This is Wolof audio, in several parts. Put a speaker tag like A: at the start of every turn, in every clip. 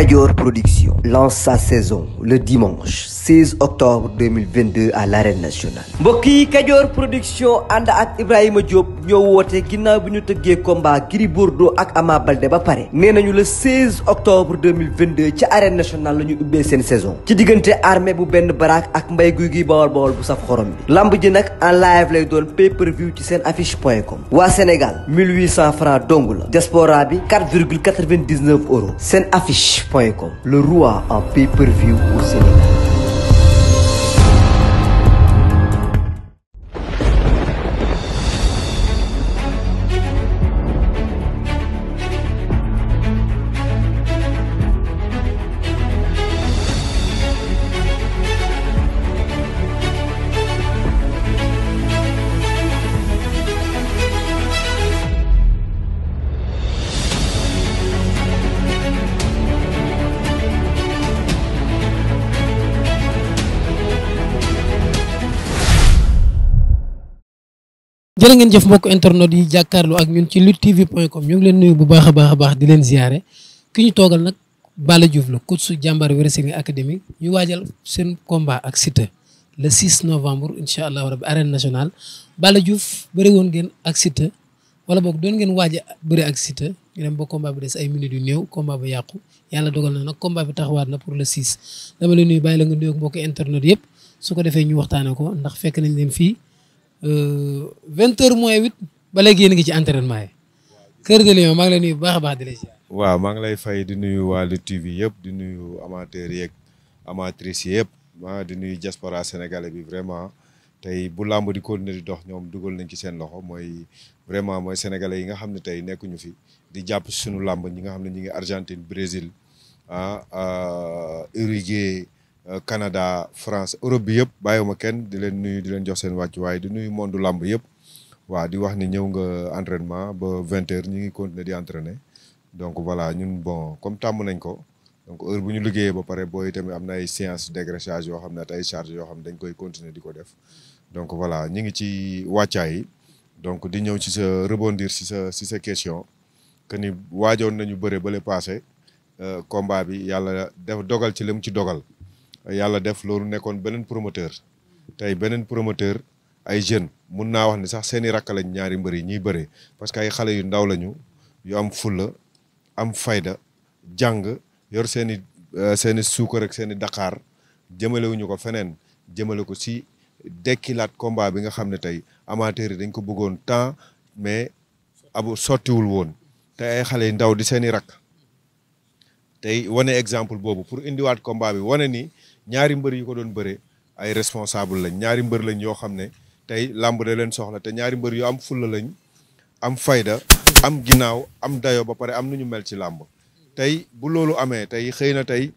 A: Kadior Production lance sa saison le dimanche 16 octobre 2022 à l'arène nationale mbokk yi Kajoor production ànd ak Ibrahima Diop ñoo woote ginnaaw bi ñu tëggee combat Gris Bordeaux ak Ama Baldé ba pare nee nañu le 16 octobre 2022 ci arène nationale la ñu ubbee seen saison ci diggante armée bu benn baraak ak mbay guy gi bawol bawol bu saf xorom bi lamb ji nag en live lay doon pay per view ci seen affiche point com waa Sénégal 1800 francs dong la diaspora bi 4,99 euros seen affiche point com le roi en pay per view au Sénégal
B: jërë ngeen jëf mbokk internet yi jàkkaarloo ak ñun ci lutte tv point com ngi leen nuyu bu baax a baax a baax di leen ziare ki ñu toogal nag Balla Diouf la coach su jàmbaar wrestling academy ñu waajal seen combat ak Siteu le 6 novembre incha allah rabbi arène nationale Balla Diouf bëri woon ngeen ak Siteu wala boog doon ngeen waaj bëri ak Siteu ñu dem ba combat bi des ay minutes yu néew combat bu yàqu yàlla dogal na nag combat bi taxawaat na pour le 6 dama leen nuyu bàyyi la nga nuyu mbokk internet yëpp su ko defee ñu waxtaanee ko ndax fekk nañ leen fii. vingt heures moins huit ba léegi yéen ngi ci entraînement yi Cœur de Lion maa ngi lay nuyu bu baax a baax di la ziar.
C: waaw maa ngi lay fay di nuyu waa Lutte TV yëpp di nuyu amateurs yeeg amatrices yëpp ah di nuyu diaspora sénégalais bi vraiment tey bu làmb di continuer di dox ñoom dugal nañ ci seen loxo mooy vraiment mooy sénégalais yi nga xam ne tey nekkuñu fi di jàpp suñu làmb ñi nga xam ne ñu ngi Argentine Brésil ah, ah Uruguay. Euh, Canada France Europe bi yëpp bàyyiwuma kenn di leen nuyu di leen jox seen wàccuwaay di nuyu monde làmb yëpp waa di wax ni ñëw nga entraînement ba vingt heures ñu ngi continuer di entraîner donc voilà ñun bon comme tàmm nañ ko donc heure bu ñu liggéeyee ba pare booy tamit am na ay séance dégraissage yoo xam ne ay charge yoo xam ne dañ koy continuer di ko def donc voilà ñu ngi ci wàccaay yi donc di ñëw ci sa rebondir si sa si sa question que ni waajoon nañu bëre bale passé euh, combat bi yàlla def dogal ci li mu ci dogal yàlla def loolu nekkoon beneen promoteur tey beneen promoteur ay jeunes mun naa wax ni sax seen i rakk lañ ñaari mbër yi ñuy bëree parce que ay xale yu ndaw lañu yu am am fayda jàng yor seen i euh, seen i suukar ak seen i Dakar jëmale ko feneen jëmale ko si dekkilaat combat bi nga xam ne tey amateurs yi dañ ko bëggoon temps mais abu sottiwul woon te xale yu ndaw di seen i rakk tey wane exemple boobu pour indiwaat combat bi wane ni ñaari mbër yi ko doon bëree ay responsable lañ ñaari mbër lañ yoo xam ne tey làmb da leen soxla te ñaari mbër yu am fulla lañ am fayda am ginaaw am dayo ba pare am nu ñu mel ci làmb tey bu loolu amee tey xëy na tey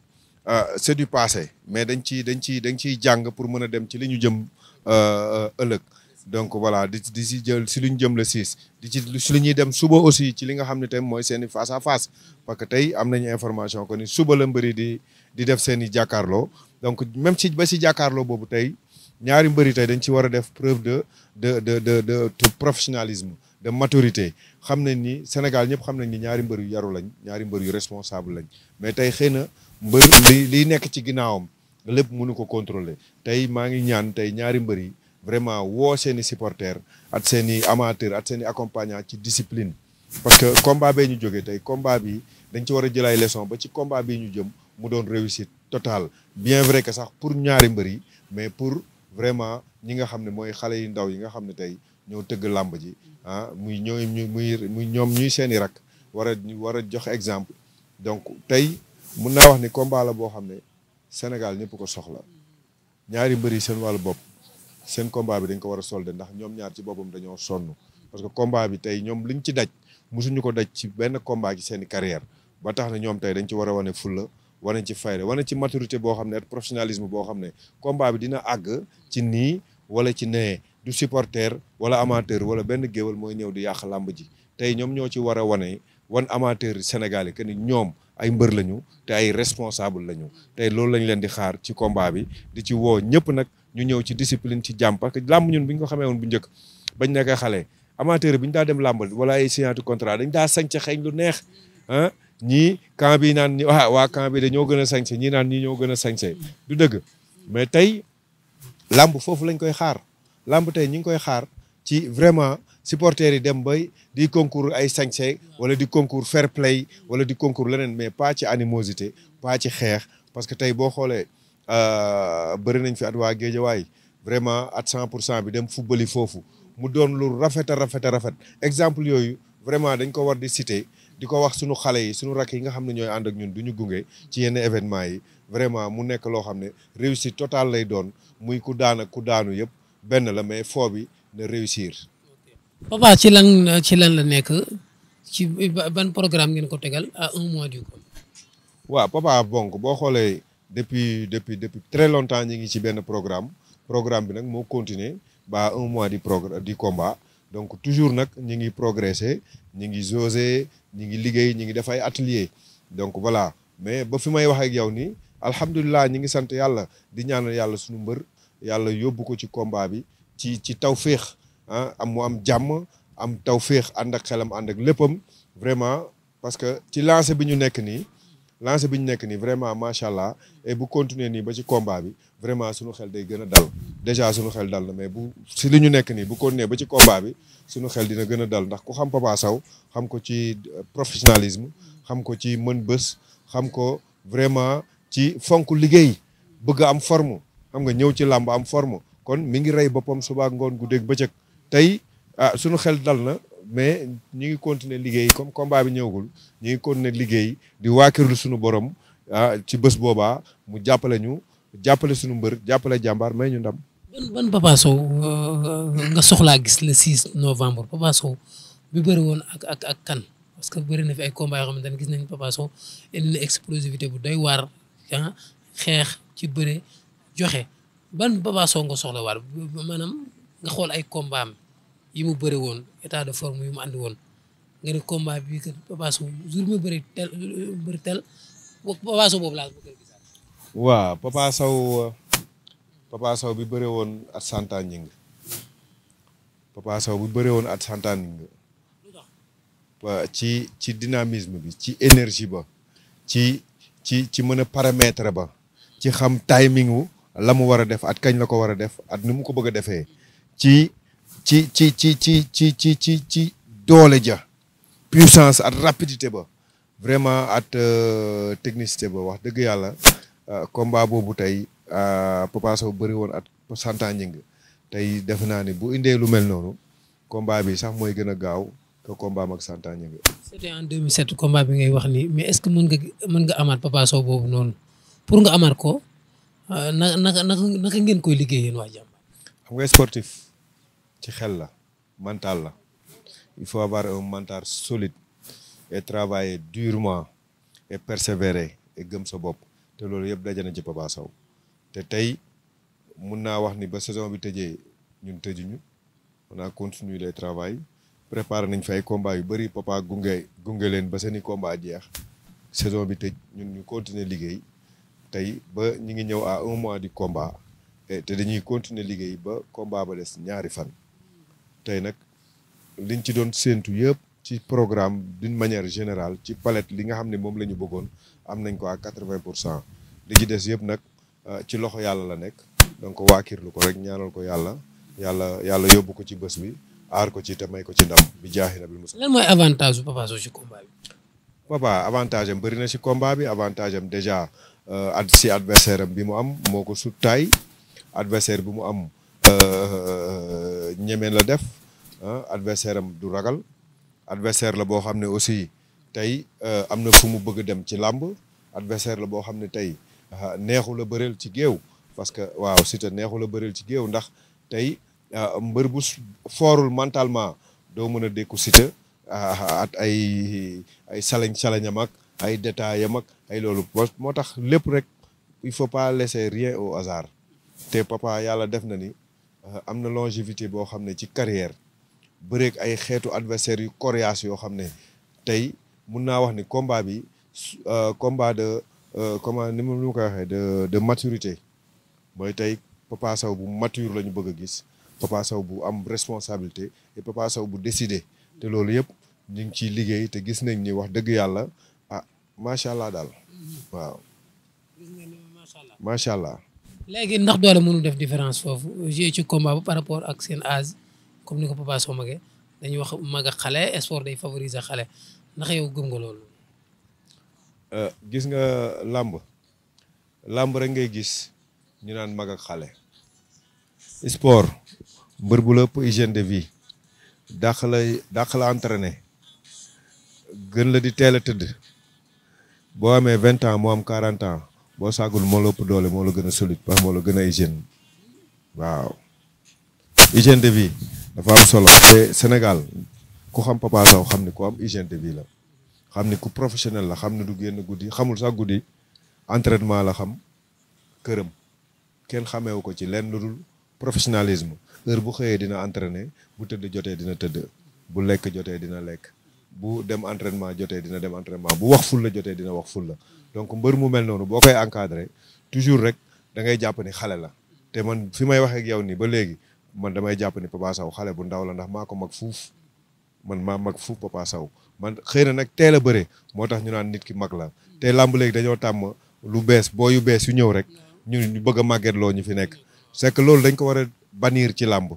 C: euh, c'est du passé mais dañ ci dañ ciy dañ ciy jàng pour mën a dem ci li ñu jëm euh, ëllëg donc voilà di di si jël si li ñu jëm le 6 di ci si lu ñuy dem suba aussi ci li nga xam ne tey mooy seeni face à face parce que tey am nañu information que ni suba la mbëri di di def seen i jàkkaarloo donc même ci ba si jàkkaarloo boobu tey ñaari mbëri tey dañ ci war a def preuve de de de de de de maturité xam nañ ni Sénégal ñëpp xam nañ ni ñaari mbëri yu yaru lañ ñaari mbëri yu responsable lañ mais tey xëy na mbër li liy nekk ci ginnaawam lépp mënu ko contrôler tey maa ngi ñaan tey ñaari mbër yi vraiment woo seeni i supporters ak seen i amateurs ak seen i accompagnants ci discipline. parce que combat bee ñu jógee tey combat bi dañ ci war a jël ay ba ci combat bii ñu jëm. mu doon réussit total bien vrai que sax pour ñaari mbër yi mais pour vraiment ñi nga xam ne mooy xale yu ndaw yi nga xam ne tey ñoo tëgg làmb ji ah muy ñooy muy ñoom ñuy seeni rak wara a war a jox exemple donc tey mun naa wax ni combat boo xam ne Sénégal ñëpp ko soxla ñaari mbër yi seen wàllu bopp seen combat bi dañ ko war a solde ndax ñoom ñaar ci boppam dañoo sonn parce que combat bi tey ñoom liñ ci daj mosuñu ko daj ci benn combat ci seeni carrière ba tax na ñoom tey dañ ci war a wane fulla wane ci fayda wane ci maturité boo xam ne ak professionnalisme boo xam ne combat bi dina àgg ci nii wala ci nee du supporter wala amateur wala benn géwal mooy ñëw di yàq làmb ji tey ñoom ñoo ci war a wane wan amateur Sénégal yi que ni ñoom ay mbër lañu te ay responsable lañu tey loolu lañ leen di xaar ci combat bi di ci woo ñëpp nag ñu ñëw ci discipline ci jàmm parce que làmb ñun bi ñu ko xamee woon bu njëkk bañ nekk xale amateur bi ñu daa dem làmb wala ay contrat dañ daa sañ ca xeeñ lu neex ah ñii camp bi naan waa ah, waa camp bi de ñoo gën a sañse ñii naan ñii ñoo gën a sañse du dëgg mais tey làmb foofu lañ koy xaar làmb tey ñu ngi koy xaar ci vraiment supporters yi dem bay di concours ay sañse wala di concours fair play wala di concours leneen mais pas ci animosité pas ci xeex parce que tey boo xoolee euh, bëri nañ fi at waa Géejawaay vraiment at cent pour cent bi dem fubbali foofu mu doon lu rafet a rafet a rafet exemple yooyu vraiment dañ ko war di citer di ko wax suñu xale yi suñu rakk yi nga xam ne ñooy ànd ak ñun du ñu gunge ci yenn événement yi vraiment mu nekk loo xam ne réussite total lay doon muy ku daan ku daanu yëpp benn la mais foo bi na réussir.
B: papa ci lan ci lan la nekk ci ban programme ngeen ko tegal a un mois du coup.
C: waaw papa boo xoolee depuis depuis depuis très longtemps ñi ngi ci benn programme programme bi moo continuer ba un mois di progr du combat. donc toujours nag ñi ngi progresser ñi ngi josé ñi ngi liggéey ñi ngi def ay atelier donc voilà mais ba fi may wax ak yow nii alhamdulilah ñi ngi sant yàlla di ñaana yàlla suñu mbër yàlla yóbbu ko ci combat bi ci ci taw féex ah am am jàmm am taw féex ànd ak xelam ànd ak léppam vraiment parce que ci lancé bi ñu nekk nii lancé bi ñu nekk nii vraiment macha allah et bu continuer nii ba ci combat bi vraiment suñu xel day gën a dal déjà suñu xel dal na mais bu si li ñu nekk nii bu continuer ba ci combat bi suñu xel dina gën a dal ndax ku xam Papa saw xam ko ci euh, professionnalisme xam ko ci mën bës xam ko vraiment ci fonk liggéey bëgg am forme xam nga ñëw ci làmb am forme kon mi ngi rey boppam suba ngoon guddeeg bëccëg tey ah suñu xel dal na mais ñu ngi continuer liggéey comme combat bi ñëwagul ñu ngi liggéey di waakirlu suñu borom ah ci bés boobaa mu jàppale ñu jàppale suñu mbër jàppale jàmbaar may ñu ndam.
B: ban ban Papa nga soxlaa gis le 6 novembre Papa Sow bi bëri woon ak ak ak kan parce que bëri na fi ay combat gis nañ Papa Sow indi bu doy waar ah xeex ci bëre joxe ban Papa Sow nga soxla waar maanaam nga xool ay combat yi mu bëri woon état de forme yi mu àndi woon nga ne combat bi que Papa Sow boobu laa bëgg
C: bi bëri woon at santaan ñing Papa bi bëri woon at santaan ñing ci ci dynamisme bi ci énergie ba ci ci ci mën paramètre ba ci xam timing wu la mu war a def at kañ la ko war a def at ni mu ko bëgg a defee ci ci ci ci ci ci ci ci doole ja puissance at rapidité ba vraiment at euh, technicité ba wax dëgg yàlla euh, combat boobu tey euh, Papa Sow bëri woon at Santa Gningue tey defe naa ni bu indee lu mel noonu combat bi sax mooy gën a gaaw que combat am ak Santa Gningue.
B: c'était en 2007 combat bi ngay wax ni mais est que mën nga mën nga amaat boobu noonu pour nga amaat ko naka naka naka ngeen koy liggéey yéen waa Jàmbaar.
C: xam nga sportif. ci xel la mental la il faut avoir un mental solide et travailler durement et persévérer et gëm sa bopp te loolu yëpp daje na ci Papa Sow te tey mun naa wax ni ba saison bi tëjee ñun tëjuñu on a continué les travail préparé nañ fa ay combat yu bëri Papa gunge gunge leen ba seeni combat jeex saison bi tëj ñun ñu continuer liggéey tey ba ñu ngi ñëw à un mois di combat te dañuy continuer liggéey ba combat ba des ñaari fan tey nag liñ ci doon séentu yëpp ci programme d'une manière générale ci palette li nga xam ne moom la ñu bëggoon am nañ ko à quatre-vingt pour cent li ci des yëpp nag euh, ci loxo yàlla la nekk donc waakirlu ko rek ñaanal ko yàlla yàlla yàlla yóbbu ko ci bés bi aar ko ci te may ko ci ndam bi jaaxi na bi mu lan
B: mooy avantage Papa ci combat bi
C: avantage am bëri na ci combat bi avantage am déjà euh, at si adversaire bi mu am moo ko sut taay adversaire bi mu am Euh, ñemeen la def adversaire am du ragal adversaire la boo xam ne aussi tey euh, am na fu mu bëgg dem ci làmb adversaire la boo xam ne tey ah, neexu la bëreel ci géew parce que waaw Siteu neexu la bëreel ci géew ndax tey ah, mbër bu foorul mentalement doo mën a dékku Siteu at ah, ay ay salañ salañam ak ay détaillam ak ay loolu moo tax lépp rek il faut pas laisser rien au hasard te papa yàlla def na ni Euh, am na longévité boo xam ne ci carrière bëreeg ay xeetu adversaire yu coriace yoo xam ne tey mun naa wax ni combat bi euh, combat de euh, comment ni ma koy waxee de de maturité mooy tey Papa Sow bu mature la ñu bëgg a gis Papa Sow bu am responsabilité et Papa Sow bu décidé te loolu yëpp ñu ngi ciy liggéey te gis nañ ñuy wax dëgg yàlla ah macha allah daal mm-hmm. waaw. macha allah.
B: léegi ndax doole mënu def différence foofu joué ci combat ba par rapport ak seen âge comme ni ko Papa Sow magee dañuy wax maga a xale sport day favoriser xale ndax yow
C: gëm nga loolu. Euh, gis nga làmb làmb rek ngay gis ñu naan mag ak xale. sport mbër bu la de vie dàq la dàq la entraîné gën la di teel a tëdd boo amee vingt ans moo am quarante ans. boo saagul moo la ëpp doole moo la gën a solide parce moo la gën a hygiène waaw hygiène de dafa am solo te Sénégal ku xam Papa Sow xam ni ku am hygiène de la xam ni ku professionnel la xam ni du génn guddi xamul sax guddi entraînement la xam këram kenn xameewu ko ci lenn lu dul professionnalisme heure bu xëyee dina entraîner bu tëdd jotee dina tëdd bu lekk jotee dina lekk bu dem entraînement jotee dina dem entraînement bu wax la jotee dina wax la donc mbër mu mel noonu boo koy encadré toujours rek da ngay jàpp ni xale la te man fi may waxee ak yow nii ba léegi man damay jàpp ni Papa saw xale bu ndaw la ndax maa ko mag fuuf man maa mag fuf Papa saw man xëy na nag teel a bëre moo tax ñu naan nit ki mag la te làmb léegi dañoo tàmm lu bees boo yu bees yu ñëw rek ñu bëgg a màggetloo ñu fi nekk c'est que loolu dañ ko war a bannir ci làmb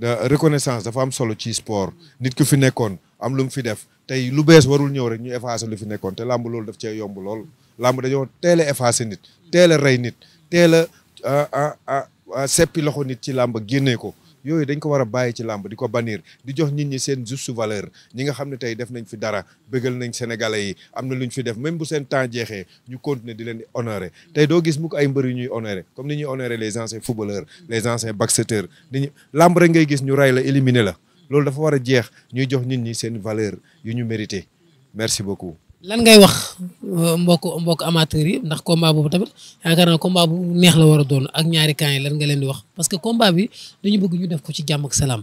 C: reconnaissance dafa am solo ci sport nit ku fi nekkoon am lu mu fi def tey lu bees warul ñëw rek ñu effacé lu fi nekkoon te làmb loolu daf cee yomb lool làmb dañoo teel a effacé nit teel rey nit teel a seppi loxo nit ci làmb génnee ko yooyu dañ ko war a bàyyi ci làmb di ko bannir di jox nit ñi seen juste valeur ñi nga xam ne tey def nañ fi dara bëggal nañ sénégalais yi am na lu ñu fi def même bu seen temps jeexee ñu continuer di leen honorer tey doo gis mukk ay mbër yu ñuy honorer comme ni ñuy honorer les anciens footballeurs les anciens basketteurs di ñu làmb ngay gis ñu rey la éliminer la loolu dafa war a jeex ñuy jox nit ñi seen valeur yu ñu mérité merci beaucoup
B: lan ngay wax euh, mbokk mbokk amateur yi ndax combat boobu tamit yaakaar naa combat bu neex la war a doon ak ñaari camp yi lan nga leen di wax parce que combat bi dañu bëgg ñu def ko ci jàmm ak salaam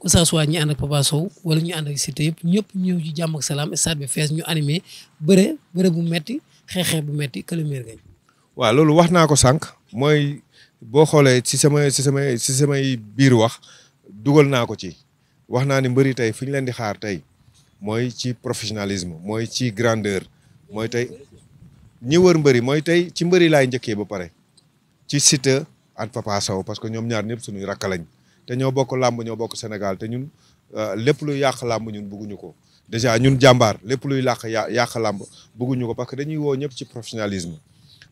B: que ça soit ñi ànd ak wala ñu ànd ak Siteu yëpp ñëpp ñëw ci jàmm salaam stade fees ñu animé bëre bëre bu metti xeexee bu metti que le meilleur
C: loolu wax naa ko sànq mooy boo xoolee ci sama ci samay ci samay biir wax dugal naa ko ci wax naa ni mbëri tey fi ñu leen di xaar tey. mooy ci professionnalisme mooy ci grandeur mooy tey ñi wër mbëri mooy tey ci mbëri laay njëkkee ba pare ci Siteu ak Papa Sow parce que ñoom ñaar ñëpp suñuy rakk lañ te ñoo bokk làmb ñoo bokk Sénégal te ñun euh, lépp luy yàq làmb ñun bëgguñu ko déjà ñun jàmbaar lépp luy làq yà yàq làmb bëgguñu ko parce que dañuy woo ñëpp ci professionnalisme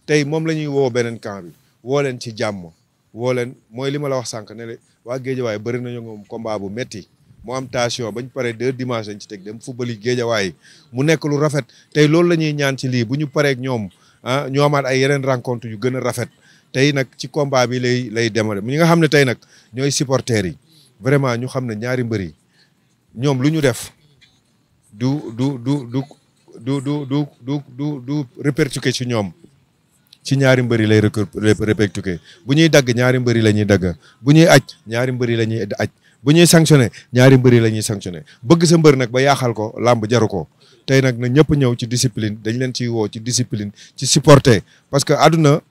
C: tey moom la ñuy woo beneen camp bi woo leen ci jàmm woo leen mooy li ma la wax sànq ne la waa Géejawaay bëri nañu moom combat bu metti mu am tension bañ pare deux dimanche lañ ci teg dem football yi géejawaay mu nekk lu rafet tey loolu la ñuy ñaan ci lii bu ñu pareek ñoom ah ñu amaat ay yeneen rencontre yu gën a rafet tey nag ci combat bi lay lay demale ñi nga xam ne tey nag ñooy supporters yi vraiment ñu xam ne ñaari mbër yi ñoom lu ñu def du du du du du du du du du du répercuté ci ñoom ci ñaari mbëri lay répercuté bu ñuy dagg ñaari mbëri la ñuy dagg bu ñuy aj ñaari mbëri la ñuy aj bu ñuy sanctionné ñaari mbëri la ñuy sanctionné bëgg sa mbër nag ba yaaxal ko làmb jaru ko tey nag na ñëpp ñëw ci discipline dañ leen ciy woo ci discipline ci supporter parce que àdduna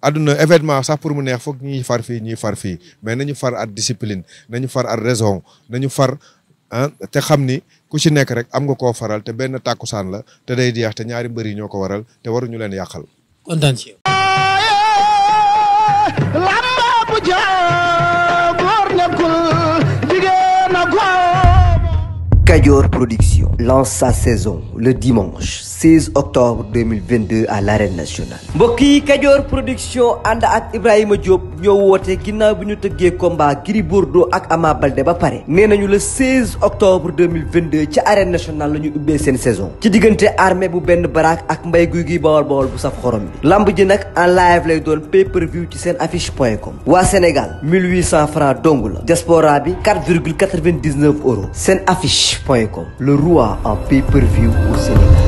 C: àdduna événement sax pour mu neex foog ñuy far fii ñuy far fii mais nañu far at discipline nañu far at raison nañu far ah te xam ni ku ci nekk rek am nga koo faral te benn tàkkusaan la te day jeex te ñaari mbër yi ñoo ko waral te waruñu leen yàqal
B: kontaan ci
A: Kadior Production lance sa saison le dimanche 16 octobre 2022 à l'arène nationale. mbokk yi Kajoor production ànd ak Ibrahima Diop ñoo woote ginnaaw bi ñu tëggee combat Gris Bordeaux ak Ama Baldé ba pare nee nañu le 16 octobre 2022 ci arène la ñu ubbee seen saison ci diggante armée bu benn baraak ak mbay guy gi bawol bawol bu saf xorom bi lamb ji nag en live lay doon pay per view ci seen affiche point com waa Sénégal 1800 francs dong la diaspora bi 4,99 euros seen affiche point com le roi en pay per view au Sénégal.